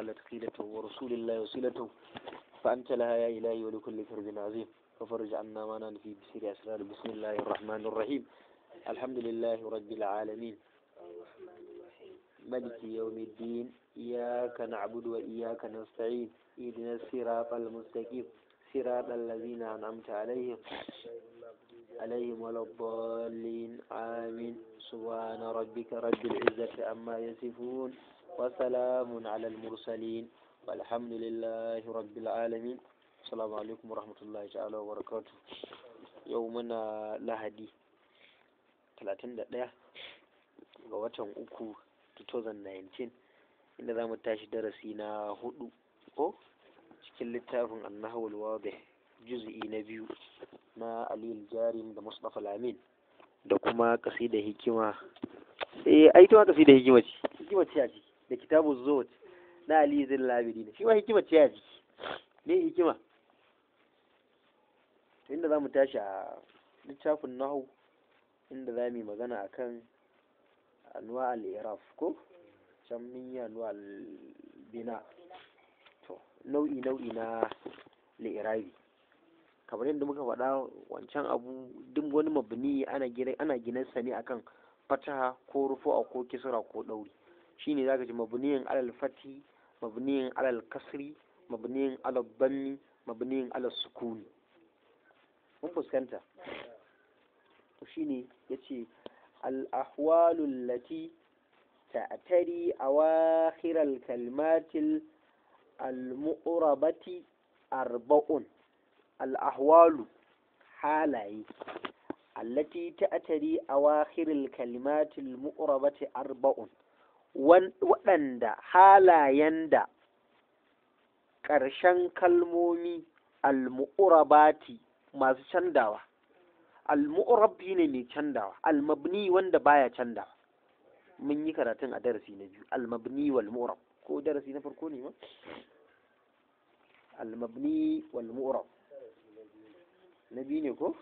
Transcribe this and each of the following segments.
قلت قيلته ورسول الله وسيلته فأنت لها يا إلهي ولكل فرد عظيم ففرج عنا ما ننفي بسير أسرار بسم الله الرحمن الرحيم الحمد لله رب العالمين ملك يوم الدين إياك نعبد وإياك نستعين إذن الصراط المستقيم صراط الذين أنعمت عليهم عليهم ولا الضالين آمين سبحان ربك رب العزة عما يصفون وسلام على المرسلين والحمد لله رب العالمين السلام عليكم ورحمة الله تعالى وبركاته يومنا لهدي 31 ga watan uku 2019 inda za mu tashi darasi na hudu ko cikin littafin annahawul wadih juz'i na biyu na alil jarim da mustafa lamin da kuma kasida hikima eh ai kasida hikima ce hikima ce a ciki da kitabu zot na ali zin labiri shi ma hikima ce a jiki ne hikima to inda za mu tashi a littafin nahu inda za mu magana a kan anwa al-iraf ko can mun yi anwa al-bina to nau'i nau'i na li'irabi kamar yadda muka faɗa wancan abu duk wani mabni ana gina ana ne akan fataha ko a ko kisra ko ɗauri shine zaka ji mabniyin alal fati mabniyin alal kasri mabniyin alal banni mabniyin alal sukuni mun fuskanta to shine yace al ahwalu allati ta'tari awakhir al kalmatil al mu'rabati arba'un al ahwalu halaye allati ta'tari awakhir al kalimatil mu'rabati arba'un waɗanda halayen da ƙarshen kalmomi al-mu'urabati masu candawa al ne mai candawa al-mabni wanda baya candawa mun yi karatun a darasi na biyu al-mabni ko darasi na farko ne ma al-mabni na biyu ne ko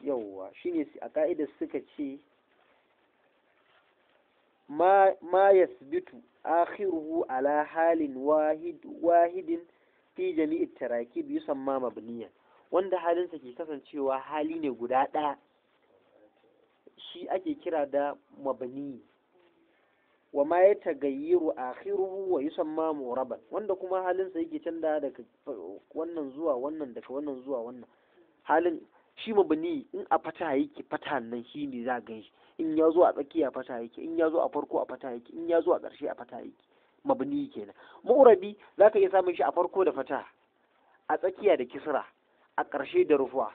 yawwa shine a ka'idar suka ce ma yasbitu akhiruhu ala halin wahid wahidin fi jami'i tarakib yusamma mabniyan wanda halinsa ke kasancewa hali ne guda ɗaya shi ake kira da mabni wa ma ya tagayyiru akhiruhu wa yusamma muraban wanda kuma halinsa yake canza daga wannan zuwa wannan daga wannan zuwa wannan halin shi mabni in a fata yake fata nan shi ne za gan shi in ya zo a tsakiya fata yake in ya zo a farko a fata yake in ya zo a ƙarshe a fata yake mabni kenan mu'rabi ka iya samun shi a farko da fata a tsakiya da kisra a ƙarshe da rufuwa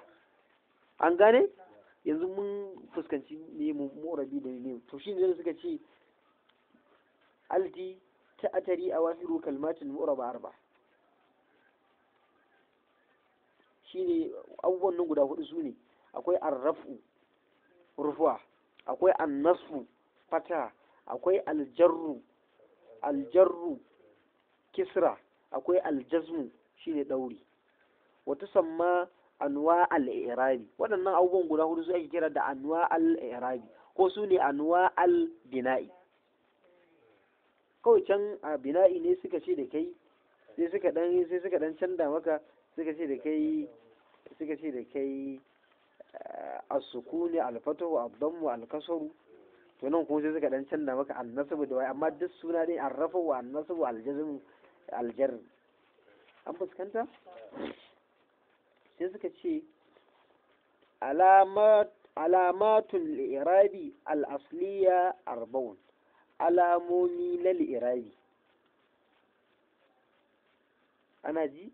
an gane yanzu mun fuskanci ne mu'rabi da ne to shi ne suka ce alti ta atari a wasiru kalmatin mu'raba arba ne abubuwan nan guda hudu su ne akwai arrafu rufuwa akwai annasu fata akwai aljarru aljarru kisra akwai aljazmu shine dauri wata samma anwa al-i'rabi waɗannan abubuwan guda hudu su ake kira da anwa al-i'rabi ko su ne anwa al-bina'i kawai can a bina'i ne suka ce da kai sai suka dan sai suka dan canda maka suka ce da kai suka ce da kai as-sukuni al-fatahu ad-dammu al to nan kuma sai suka dan canza maka annasabu da wai amma duk suna dai arrafa wa annasabu al-jazm al an fuskanta sai suka ce alamat alamatul irabi al arba'un alamomi na li'irabi ana ji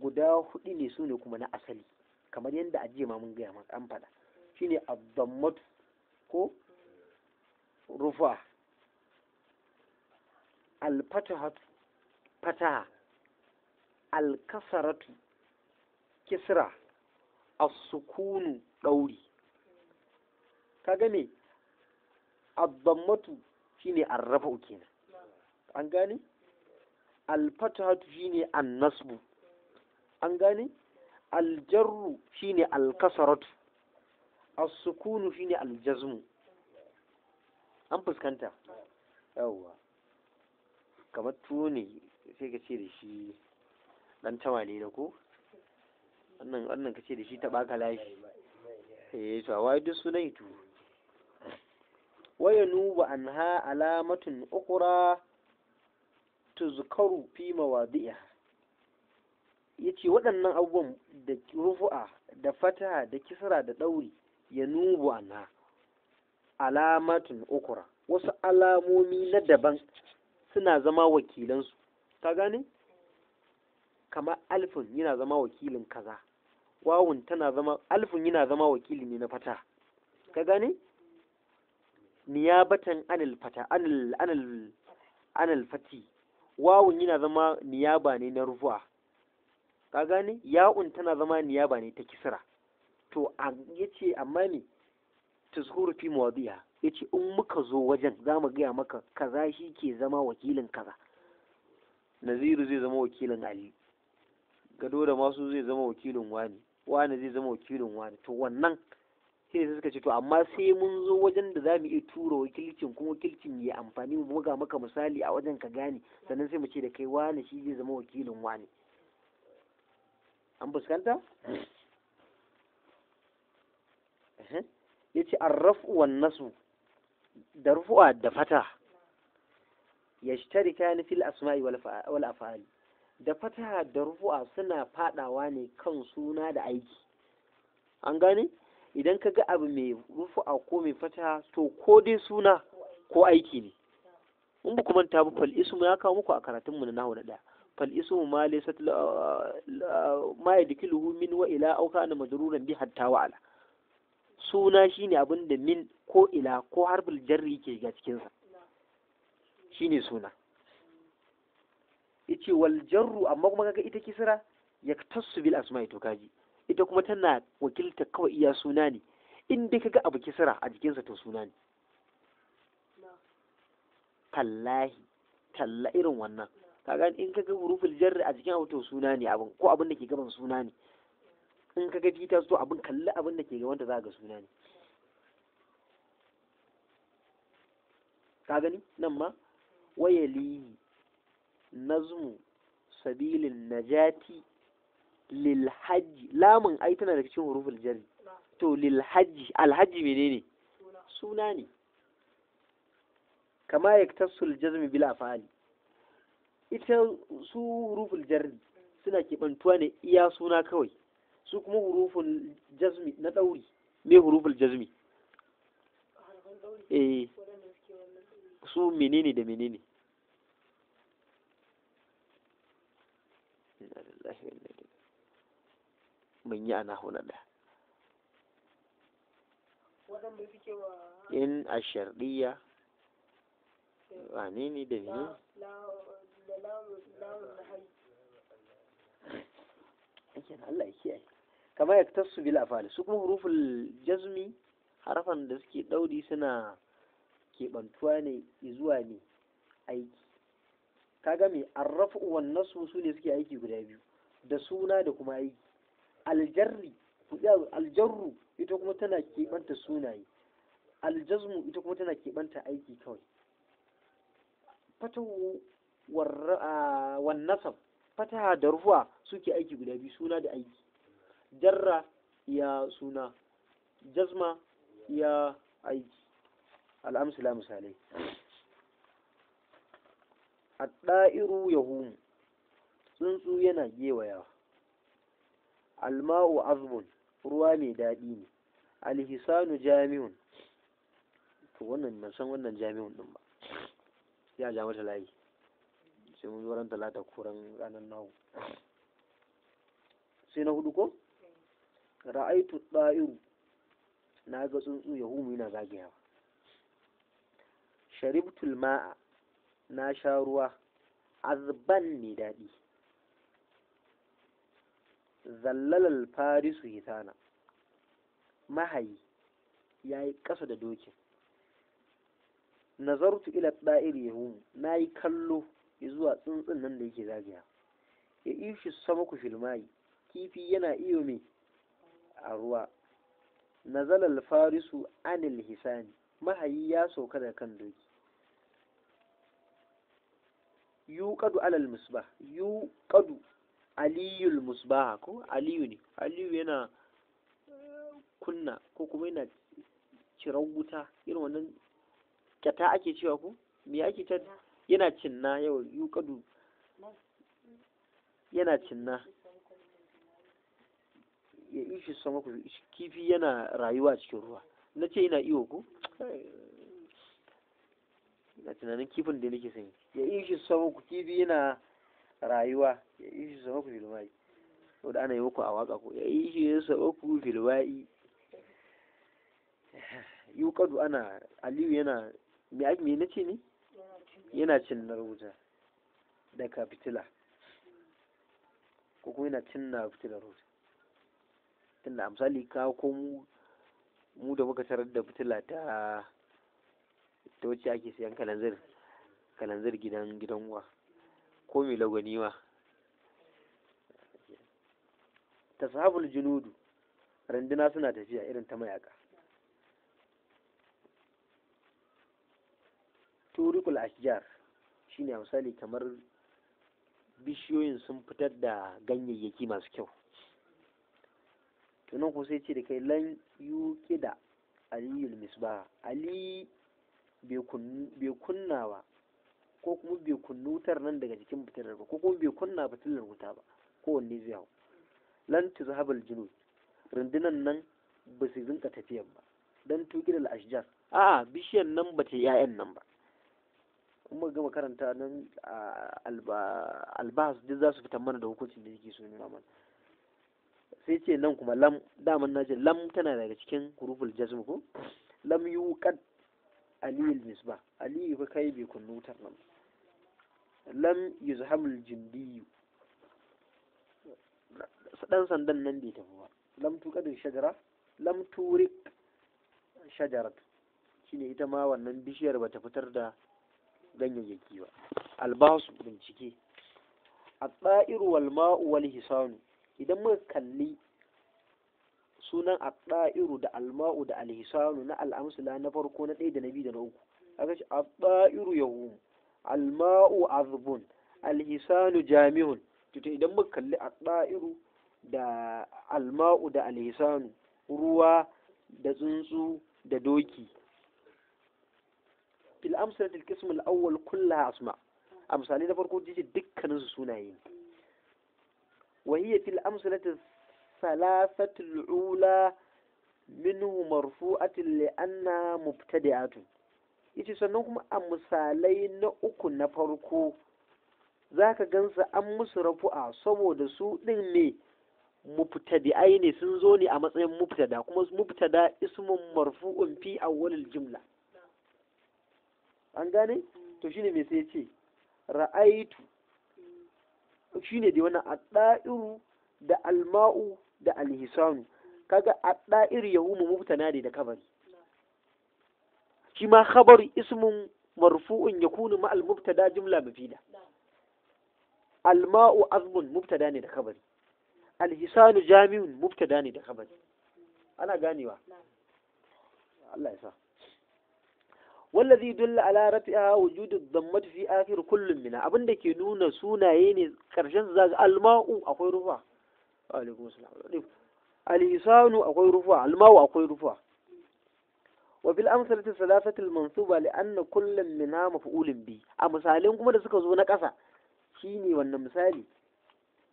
guda hudu ne su ne kuma na asali kamar yadda a jima ma mun gaya maka an faɗa shine abdammat ko rufa alfataha fataha alkasaratu kisra as-sukunu ɗauri ka gane abdammatu shine arrafa'u kenan an gane alfatahatu shine annasbu an gane aljarru shine alkasaratu as shine aljazmu an fuskanta yawwa kamar tuni, sai ka ce da shi dan tawale da ko wannan wannan ka ce da shi ta baka lashi eh to wai duk sunai tu waya nuba anha alamatun ukura tuzkaru fi mawadi'a yace waɗannan abubuwan da rufu'a da fataha da kisra da ɗauri ya nubu ana alamatun ukura wasu alamomi na daban suna zama wakilansu ka gane kamar alfin yana zama wakilin kaza wawun tana zama alfin yana zama wakili ne na fata ka gane niyabatan anil fata anil anil anil fati wawun yana zama niyaba ne na rufu'a ka gane ya'un tana zama niyaba ne ta kisra to yace amma ne tazkuru fi mawadiha yace in muka zo wajen za mu gaya maka kaza shi ke zama wakilin kaza naziru zai zama wakilin ali gado da masu zai zama wakilin wani wani zai zama wakilin wani to wannan sai suka ce to amma sai mun zo wajen da za mu iya tura wakilcin kuma wakilcin ya amfani mu buga maka misali a wajen ka gane sannan sai mu ce da kai wani shi zai zama wakilin wani an fuskanta ya ce an nasu da rufu'a da fata ya shi kayan fil asma'i wal afali da fata da rufuwa suna fadawa ne kan suna da aiki an gane idan ka ga abu mai rufu'a ko mai fata to ko dai suna ko aiki ne in ba ku manta ba isu ya kawo muku a karatunmu na nahu da ɗaya فالاسم ما ليست ما يدخله من وإلى أو كان مجرورا به حتى وعلى suna shine abinda min ko ila ko harbul jarri ke ga cikinsa shine suna yace wal jarru amma kuma kaga ita kisra yaktasu bil asma'i to kaji ita kuma tana wakilta kawai iya suna ne in dai kaga abu kisra a jikinsa to suna ne tallahi talla irin wannan kaga in ka ga huruful jar a jikin abu to suna ne abin ko abin da ke gaban suna ne in ka ga jita to abin kalli abin da ke gaban ta za ga suna ne ka gani nan ma wayali nazmu sabilin najati lil hajji lamun ai tana daga cikin huruful jar to lil hajji alhajji menene suna ne kama yaktasul jazmi bila fa'ali ita su hurufin jarri suna keɓantuwa ne iya suna kawai su kuma hurufin jazmi na ɗauri me hurufin jazmi eh su menene da menene mun yi ana hula da in a shardiya wane ne da menene na Allah ya kiyaye kamar ya tasu bil afali su kuma huruful jazmi harafan da suke dauri suna keɓantuwa ne zuwa ne aiki kaga me arrafu wan nasu su ne suke aiki guda biyu da suna da kuma aiki aljarri aljarru ita kuma tana keɓanta sunaye aljazmu ita kuma tana keɓanta aiki kawai fatahu ah, wan nasab fataha da ruwa suke aiki guda biyu suna da aiki jarra ya suna jazma ya aiki al'amsila misalai a ɗa'iru ya humu tsuntsu yana gewaya alma'u azbun ruwa mai daɗi ne alhisanu jami'un to wannan san wannan jami'un ɗin ba ya layi sai mun zo ran talata ko ranar nahu sai na hudu ko ra'aitu da'iru na ga tsuntsu ya humu yana zagayawa sharibtul ma'a na sha ruwa azban ne daɗi zallalal farisu hitana mahayi ya yi ƙasa da dokin nazartu ila ɗa'ir yahumu na yi kallo zuwa tsuntsun nan da yake zagaya ya ishi sama ku filmayi kifi yana iyo mai a ruwa nazalal farisu anil hisani mahayi ya sauka da kan doki Yu kadu alal Yu kadu aliyul Musba ko aliyu ne aliyu yana eh, kunna ko kuma yana ciran wuta irin wannan kyata ake cewa ko me ake ta yana cinna yau kadu yana cinna ya ishi sama ku kifi yana rayuwa cikin ruwa na ce ina iyo ku ina tunanin kifin da nake sani ya ishi sama ku kifi yana rayuwa ya ishi sama ku ko saboda ana yi muku a waka ku ya ishi sama ku yu kadu ana aliyu yana me ake me ce ne yana cinnar wuta daga fitila ko kuma yana cinna fitilar wuta tunda misali ka ko mu mu da muka tarar da fitila ta ta wacce ake siyan kalanzir kalanzir gidan gidan uwa ko mai lagwani Ta tashabul junudu randuna suna tafiya irin ta mayaka turikul ashjar shine misali kamar bishiyoyin sun fitar da ganyayyaki masu kyau tunan ku sai ce da kai lan yuki da aliyul misba ali bai kunna ba ko kuma bai kunnutar nan daga jikin fitilar ba ko kuma bai kunna fitilar wuta ba kowanne zai hau lan tuzhabal junud rundunan nan ba su rinka tafiyan ba dan tuki da ashjar a'a bishiyan nan ba ta 'ya'yan nan ba kuma gama karanta nan albas duk za su fitan mana da hukuncin da yake so nuna mana sai ce nan kuma lam daman na ce lam tana daga cikin huruful jazm ko lam yuqad aliyu misbah aliyu fa kai bai kunnu wutar nan lam jindi jindiyu dan sandan nan bai tafi ba lam tuqad shajara lam turik shajarat shine ita ma wannan bishiyar bata fitar da ganyayyaki ba albasu bincike a tsa'iru wal ma'u hisanu idan muka kalli sunan a tsa'iru da alma'u da alhisanu na al'amsula na farko na ɗaya da na biyu da na uku aka ce a tsa'iru yahumu alma'u azbun alhisanu jami'un tuta idan muka kalli a tsa'iru da alma'u da alhisanu ruwa da tsuntsu da doki fil amsalati al qism al awwal kullaha asma a misali na farko dace dukkanin su sunaye ne wa hiya fil amsalati thalathatu al ula minhu marfu'atin li anna mubtadi'atun yace sannan kuma a misalai na uku na farko zaka gansa an musu rafu'a saboda su din ne mubtadi'ai ne sun zo ne a matsayin mubtada kuma mubtada ismun marfu'un fi awwalil jumla an gane to shine mai sai ce ra'aitu shine dai wannan da'iru da alma'u da alhisanu kaga adda'iru yahumu mubtana ne da kabari shi ma khabaru ismun marfu'un yakunu ma al-mubtada jumla mufida alma'u azmun mubtada ne da kabari alhisanu jami'un mubtada ne da kabari ana ganewa Allah ya sa wallazi dulla ala rafi'a wujudu dhammati fi akhir kullum mina abinda ke nuna sunaye ne karshen su zaga alma'u akwai rufa alaikum akwai rufa alma'u akwai rufa wa fil amsalati thalathati al-mansuba li anna kullum minha maf'ulun bi a misalin kuma da suka zo na kasa shine wannan misali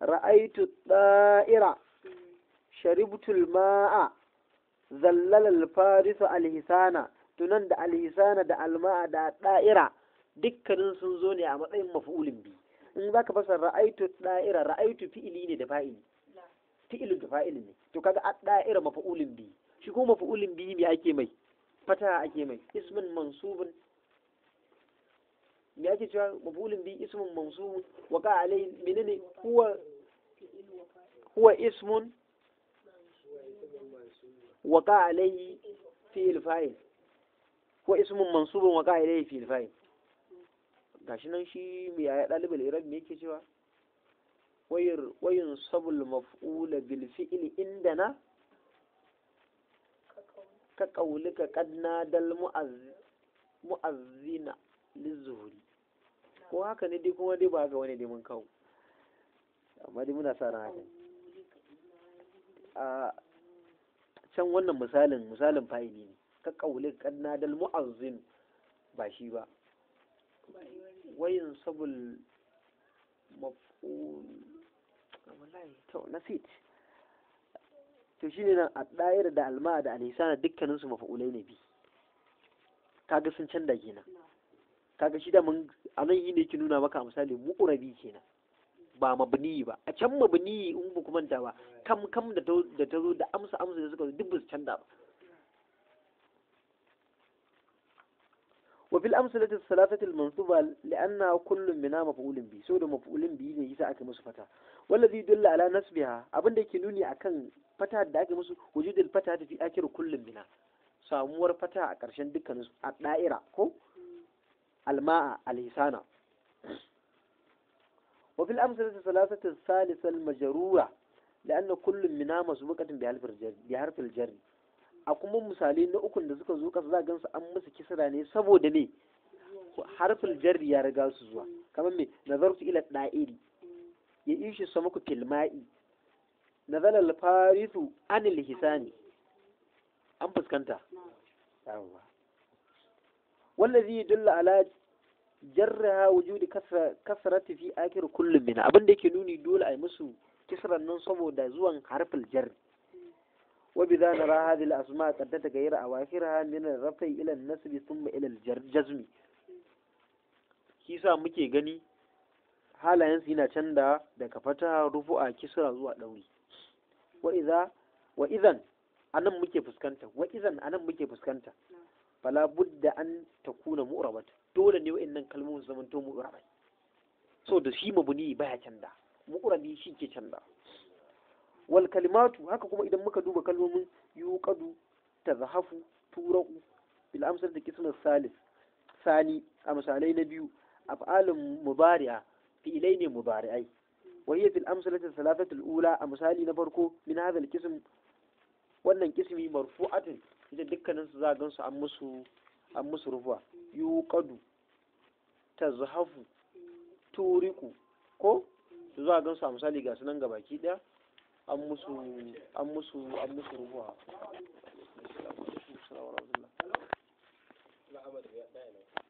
ra'aitu da'ira sharibtu maa zallala farisa tunan da alhisana da alma'a da da'ira dukkanin sun zo ne a matsayin maf'ulin bi in za ka fasa ra'aitu da'ira ra'aitu fi'ili ne da fa'ili fi'ilin da fa'ili ne to kaga a da'ira maf'ulin bi shi ko maf'ulin bi me ake mai fata ake mai ismin mansubun me ake cewa maf'ulin bi ismin mansubun wa ka alai menene huwa huwa ismun wa ka alai fi'il fa'il ko ismin mansubun wa ya ilayhi fil fa'il gashi nan shi yaya ya dalibul irab me yake cewa wayar wayun sabul maf'ul bil inda indana ka qaulika qad nadal mu'azzina lizuhuri ko haka ne dai kuma dai ba ga wani dai mun kawo amma dai muna sa ran haka a can wannan misalin misalin fa'ili ne ka ƙaulin kanna dal mu'azzin ba shi ba wayin sabul mafun wallahi to nasit to shine nan a ɗayar da alma da dukkanin dukkaninsu mafuulai ne bi kaga sun canza kenan kaga shi da mun anan yi ne ki nuna maka misali murabi kenan ba mabni ba a can mabni in ba ku manta ba kam kam da ta zo da amsa amsa da suka zo duk ba su canza ba wa fil amsalati salasati al mansuba li'anna kullun minha maf'ulun bi saboda maf'ulun bi ne yasa aka musu fata wallazi dalla ala nasbiha abinda yake nuni akan fata da aka musu wujudul fata fi akhir kullun minha samuwar fata a ƙarshen dukkanin su a da'ira ko alma'a alhisana wa fil amsalati salasati salisal majrura لأن كل منها مسبوقة بحرف الجر بحرف الجر a kuma misali, na ukun da suka zo kasa za gansu an musu kisira ne saboda me harfin jarri ya riga su zuwa kamar me nazartu ila da'iri ya ishi muku filma'i nazal al-farisu anil hisani an fuskanta yawwa wallazi yadullu ala jarraha wujudi kasrati fi akhir kullum min abin da yake nuni dole a yi musu kisran nan saboda zuwan harfin jarri وبذا نرى هذه الأسماء قد تتغير أواخرها من الرفع إلى النسب ثم إلى الجزم kisa muke gani halayensu yana canza daga fata rufu'a kisra zuwa ɗauri wa idan anan muke fuskanta wa idan anan muke fuskanta fala budda an takuna mu'rabat dole ne wa'annan kalmomin zamanto mu'rabai so da shi mabuni baya canza mu'rabi shi ke canza wal kalimatu haka kuma idan muka duba kalmomin yuqadu tazhafu turaqu bil amsal da kismar salis sani a misalai na biyu af'alun mubari'a fi'ilai ne mubari'ai wa hiya fil amsalati thalathati ula a misali na farko min hadha al-qism wannan kismi marfu'atin ita dukkanin su za gansu an musu an musu rufuwa yuqadu tazhafu turiku ko su za gansu a misali ga sunan gabaki daya an musu an musu an musu rubuwa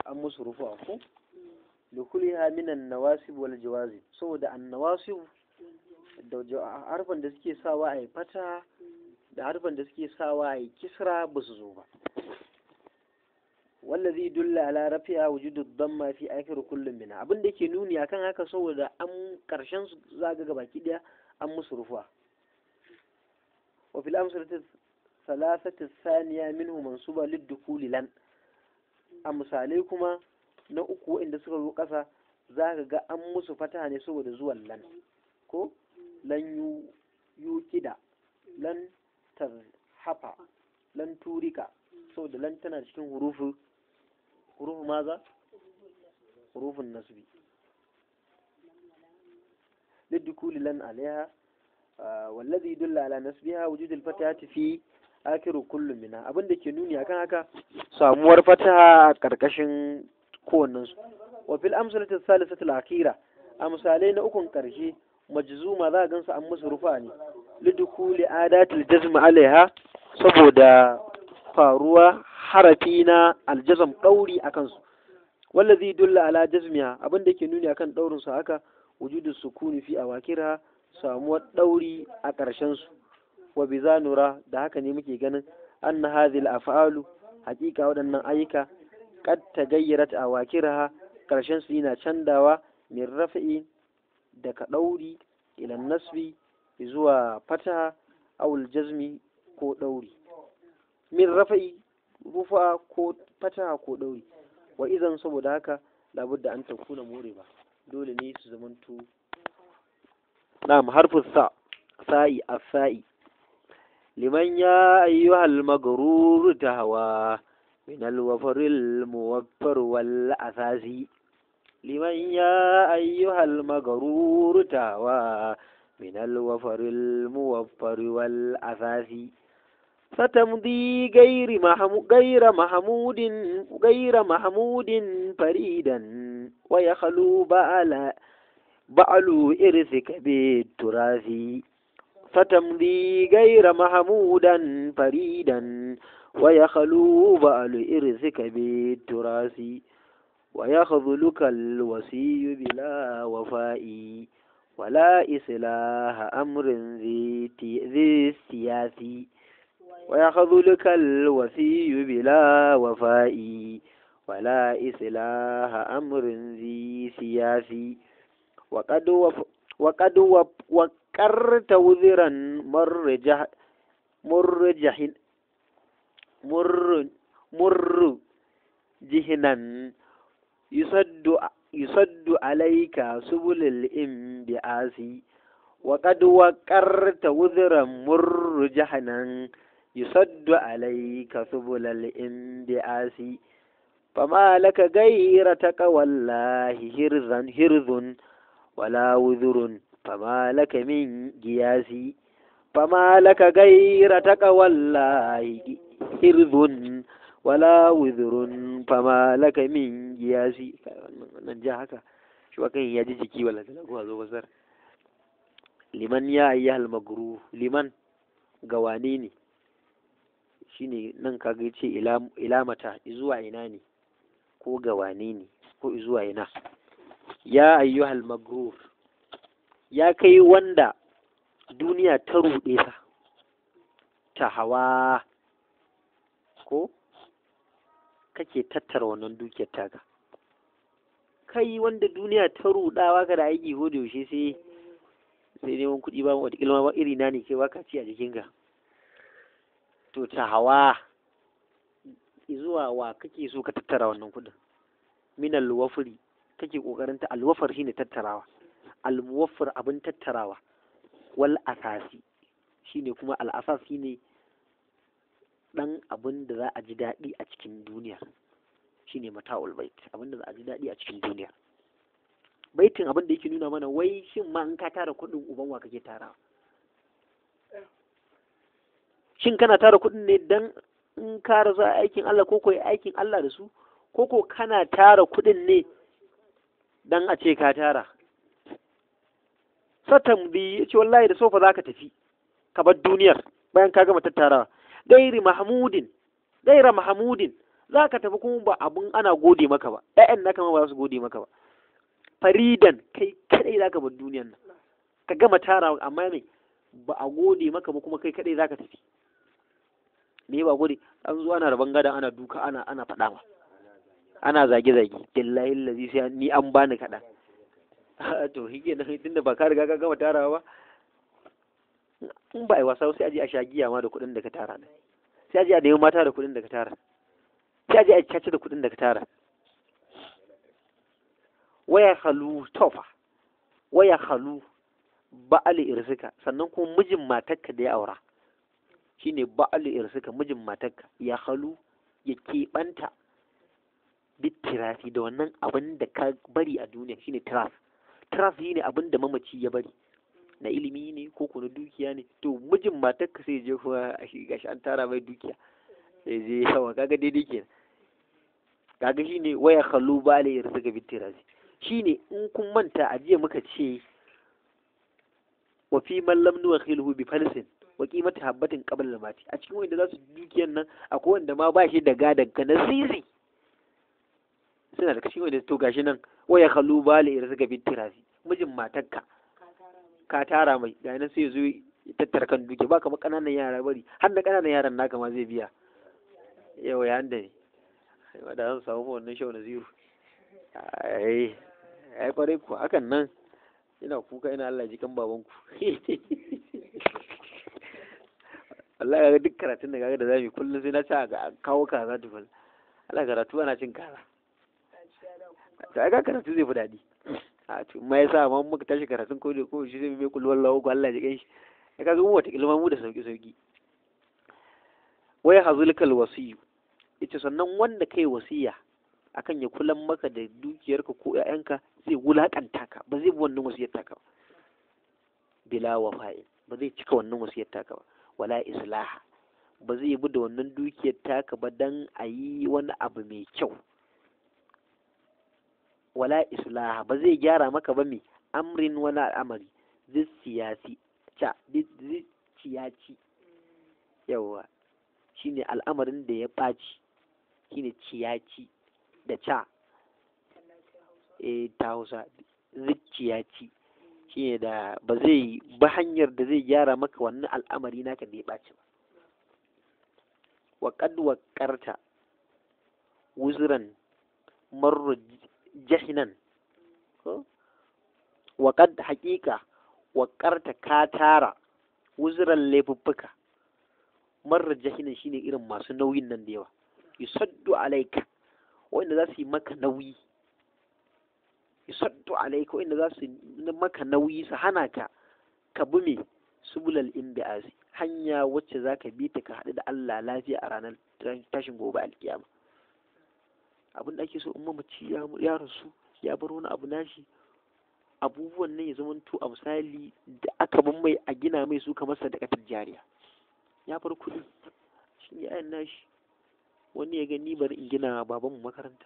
an musu rufuwa ko likuliha minan nawasib wal jawazib saboda an nawasib da harfan da suke sawa a fata da harfan da suke sawa a kisra ba su zo ba wallazi dulla ala rafi'a wujudu dhamma fi akhir kullum mina abin da ke nuni akan haka saboda an karshen zaga gabaki daya an musu rufuwa وفي الأمثلة الثلاثة الثانية منه منصوبة للدخول لن أمسى عليكما نأكو إن دسك الوقفة ذاك أمس فتحني سوى دزوال لن كو لن يوكدا لن تذهب لن توريكا سوى لن تنا cikin حروف hurufu maza hurufun nasbi للدخول لن عليها wallazi dulla ala nasbiha wujudul fatihati fi akiru kullum mina abin da ke nuni akan haka samuwar fataha a karkashin kowannen su wa fil amsalati salisati al-akhira a misalai na ukun karshe majzuma za a gansu an musu rufa ne lidukuli adatil jazm alaiha saboda faruwa harafi na aljazam dauri akan su wallazi dulla ala jazmiha abin da ke nuni akan daurin su haka wujudu sukuni fi awakirha samuwar ɗauri a ƙarshensu wa biza nura da haka ne muke ganin an na a af'alu haƙiƙa waɗannan ayyuka ta qad tagayyarat awakiraha ƙarshen su yana candawa min rafi'i daga ɗauri ila nasbi zuwa fataha awul jazmi ko ɗauri min rafi'i rufa ko fataha ko ɗauri wa idan saboda haka labudda an takuna more ba dole ne su zamanto نعم حرف الثاء ثائي الثائي لمن يا أيها المغرور تهوى من الوفر الموفر والأساسي لمن يا أيها المغرور تهوى من الوفر الموفر والأساسي ستمضي غير محمود غير محمود غير محمود فريدا ويخلو بألا بعلو إرثك بالتراث فتمضي غير محمودا فريدا ويخلو بعل إرثك بالتراث ويخذلك الوسي بلا وفاء ولا إصلاح أمر ذي السياسي ويخذلك الوسي بلا وفاء ولا إصلاح أمر ذي سياسي wa qadu wa qarta wuziran murrijah murrijahin murr murr jihinan yusaddu yusaddu alayka subulul imbiasi wa qad waqarta wudhran murjahanan yusaddu alayka subulul hirzun wala وذر fama laka min giyasi fama laka gaira taqawallahi hirzun wala wuzurun fama laka min giyasi wannan ja haka shi ya ji jiki wala da ko zo bazar liman ya shine nan kaga ce ila ilamata zuwa ina ne ko gawane ne ko zuwa ina ya ayyuhal magrur ya kai wanda duniya ta ruɗe sa ta hawa ko kake tattara wannan dukiyar taka kai wanda duniya ta ruɗawa ka da aiki ko yaushe sai sai neman kuɗi ba wata ilma ba iri na ne ke waka ci a jikinka to ta hawa zuwa wa kake so ka tattara wannan kuɗin minal wafuri take kokarin ta alwafar shine tattarawa almuwaffar abin tattarawa wal asasi shine kuma al asas ne dan abin da za a ji daɗi a cikin duniya shine mata'ul bait abin da za a ji daɗi a cikin duniya baitin abin da yake nuna mana wai shin ma in ka tara kuɗin uban wa kake tarawa shin kana tara kuɗin ne dan in ka rasu aikin Allah ko koyi aikin Allah da su ko ko kana tara kuɗin ne dan a ce ka tara satan bi ce wallahi da sofa zaka tafi ka bar duniyar bayan ka gama tattarawa gairi mahmudin gaira mahmudin zaka tafi kuma ba abun ana gode maka ba ɗayan naka ma ba za su gode maka ba faridan kai kadai zaka bar duniyar nan ka gama tarawa amma ne ba a gode maka ba kuma kai kadai zaka tafi me ba gode an zo ana rabon gadan ana duka ana ana faɗa ma ana zage-zage billahi lazi sai ni an bani kaɗan to hige na tun da ba ka riga ka gama tarawa ba in ba a yi wasa sai aje a sha giya ma da kuɗin da ka tara sai aje a nemi mata da kuɗin da ka tara sai aje a cace da kuɗin da ka tara waya halu tofa waya halu ba'ali irsika sannan kuma mijin matarka da ya aura shine ba'ali irsika mijin matarka ya halu ya keɓanta bittirasi da wannan abin da ka bari a duniya shine tiras tiras ne abin da mamaci ya bari na ilimi ne ko ko na dukiya ne to mijin matar ka sai je kuma a shi gashi an tara mai dukiya sai je yawa kaga daidai kenan kaga shine waya khallu bale ya rasa Shi shine in kun manta a jiya muka ce wa fi man lam nuwakhiluhu bi falsin wa qimati habatin qabla al-mati a cikin wanda za su dukiyan nan akwai wanda ma ba shi da gadan ka na sisi suna da kashi wanda to gashi nan waya kalu la irin ga bin tirazi mijin matarka ka tara mai ga nan sai zo tattara kan duke ba kamar kananan yara bari har da kananan yaran naka ma zai biya yau ya da ne da zan samu wannan shau na zero ai ai kwarai ku hakan nan ina kuka ina Allah jikan baban ku Allah ga duk karatun da kaga da zamu kullum sai na ci a kawo kaza tufal Allah karatu ana cin kaza ta ai ga karatu zai fi daɗi a to ma sa mun muka tashi karatun ko da ko shi zai mai kullu wallahu ko Allah ya ganshi ya kaga mu wata ilmamu da sauki sauki waya hazulkal wasiyyu ita sannan wanda kai wasiya akan ya kulan maka da dukiyarka ko ƴaƴanka zai wulakanta ka ba zai bi wannan wasiyar taka ba bila wafa'in ba zai cika wannan wasiyar taka ba wala islaha ba zai bi da wannan dukiyar taka ba dan a yi wani abu mai kyau wala islaha ba zai gyara maka ba mai amrin wala al'amari siyasi ca shi yawa shine al'amarin da ya ɓaci shine ciyaci da ca e ta hausa zicciyaci ne da ba zai ba hanyar da zai gyara maka wannan al'amari naka da ya ɓaci ba wa ƙadwa ƙarta wuzuran marru jahinan waƙad haƙiƙa waƙarta ka tara wuzuran laifuffuka marar jahinan shine irin masu nauyin nan da yawa yusaddu alaika wanda za su yi maka nauyi yusaddu alaika wanda za su yi maka nauyi su hana ka ka bi me subulal imbi'azi hanya wacce za ka bi ta ka haɗu da Allah lafiya a ranar tashin gobe alkiyama abin da ake so in mamaci ya rasu ya bar wani abu nashi abubuwan nan ya to a misali da aka bin mai a gina mai su kamar sadakatar jariya ya bar kuɗi shi ne yayan nashi wani ya gani bari in gina baban mu makaranta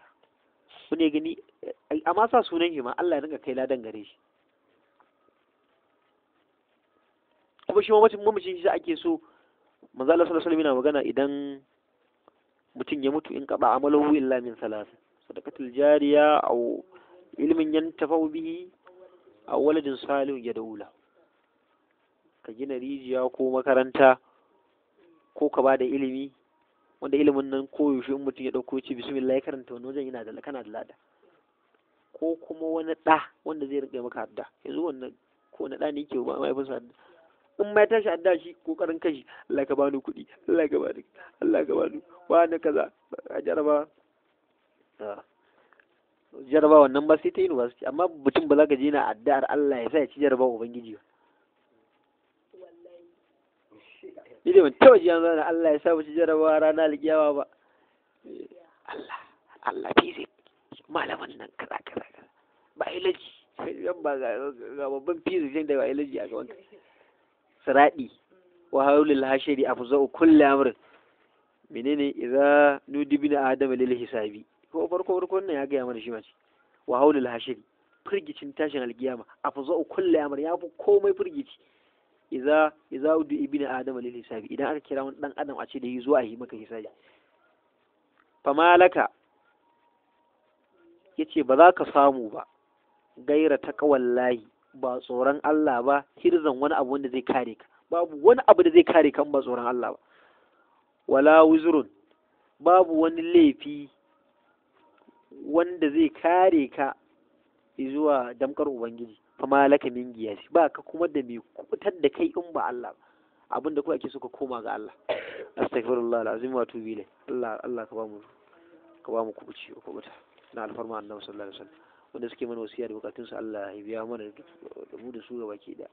wani ya gani eh, amma sa sunan shi ma Allah ya dinga kai ladan gare shi kuma shi mamacin mamacin shi ake so manzo Allah sallallahu alaihi wasallam yana magana idan mutum ya mutu in kaba amalahu illa min salasa sadaqatul jariya aw ilmin yantafau bihi aw waladin salihun daula ka gina rijiya ko makaranta ko ka bada ilimi wanda ilimin nan koyaushe in mutum ya dauko ce bismillah karanta wani wajen yana da kana da lada ko kuma wani ɗa wanda zai rike maka adda yanzu wannan ko wani ɗa ne yake ba mahaifinsa in ma tashi shadda shi kokarin kashi Allah ka bani kuɗi Allah ka bani Allah ka bani wani kaza a jaraba jaraba wannan ba sai ta ci amma mutum ba za ka je na addu'ar Allah ya sa ya ci jaraba ubangiji ba ni da ban taɓa jiya zana Allah ya sa mu ci jaraba rana alƙiyawa ba Allah Allah zai malaman nan kaza kaza ba ilaji sai ba ga babban fizik da ba ilaji a gaban ka siradi wa haulul hashiri afza'u kulli amrin menene idza nudibina adama lil hisabi ko farko farko wannan ya gaya mana shi mace wa haulul hashiri firgicin tashin alkiyama za'u kulli amrin ya fi komai firgici idza idza udu ibina adama lil hisabi idan aka kira wani dan adam a ce da yi zuwa yi maka hisabi famalaka yace ba za ka samu ba gaira ta kawallahi ba tsoron Allah ba hirzan wani abu wanda zai kare ka babu wani abu da zai kare ka ba tsoron Allah ba wala wuzurun babu wani laifi wanda zai kare ka zuwa damkar ubangiji fama laka min giyasi ba ka kuma da mai kutar da kai in ba Allah ba abinda kuma ake suka koma ga Allah astaghfirullah alazim wa tubi Allah Allah ka ba mu ka ba mu kubuci kubuta na alfarma annabi sallallahu alaihi wasallam wanda suke mana wasiya da bukatun su Allah ya biya mana da mu da su gaba ke da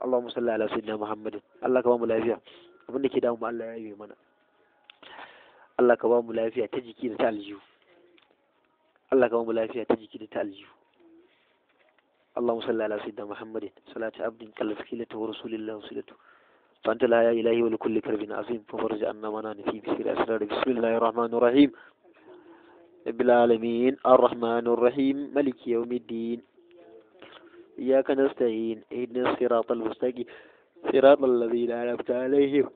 Allahumma salli ala sayyidina Muhammadin Allah ka ba mu lafiya abin da ke damu Allah ya yi mana Allah ka ba mu lafiya ta jiki da ta aljihu Allah ka ba mu lafiya ta jiki da ta aljihu اللهم صل على سيدنا محمد صلاة عبد كالله ورسول الله وسيلته فأنت لا يا ولكل كرب عظيم ففرج عنا منان في بسير أسرار بسم الله الرحمن الرحيم رب العالمين الرحمن الرحيم ملك يوم الدين إياك نستعين اهدنا الصراط المستقيم صراط الذين أنعمت عليهم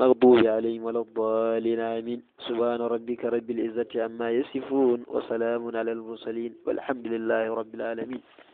مغضوب عليهم ولا الضالين آمين سبحان ربك رب العزة عما يصفون وسلام على المرسلين والحمد لله رب العالمين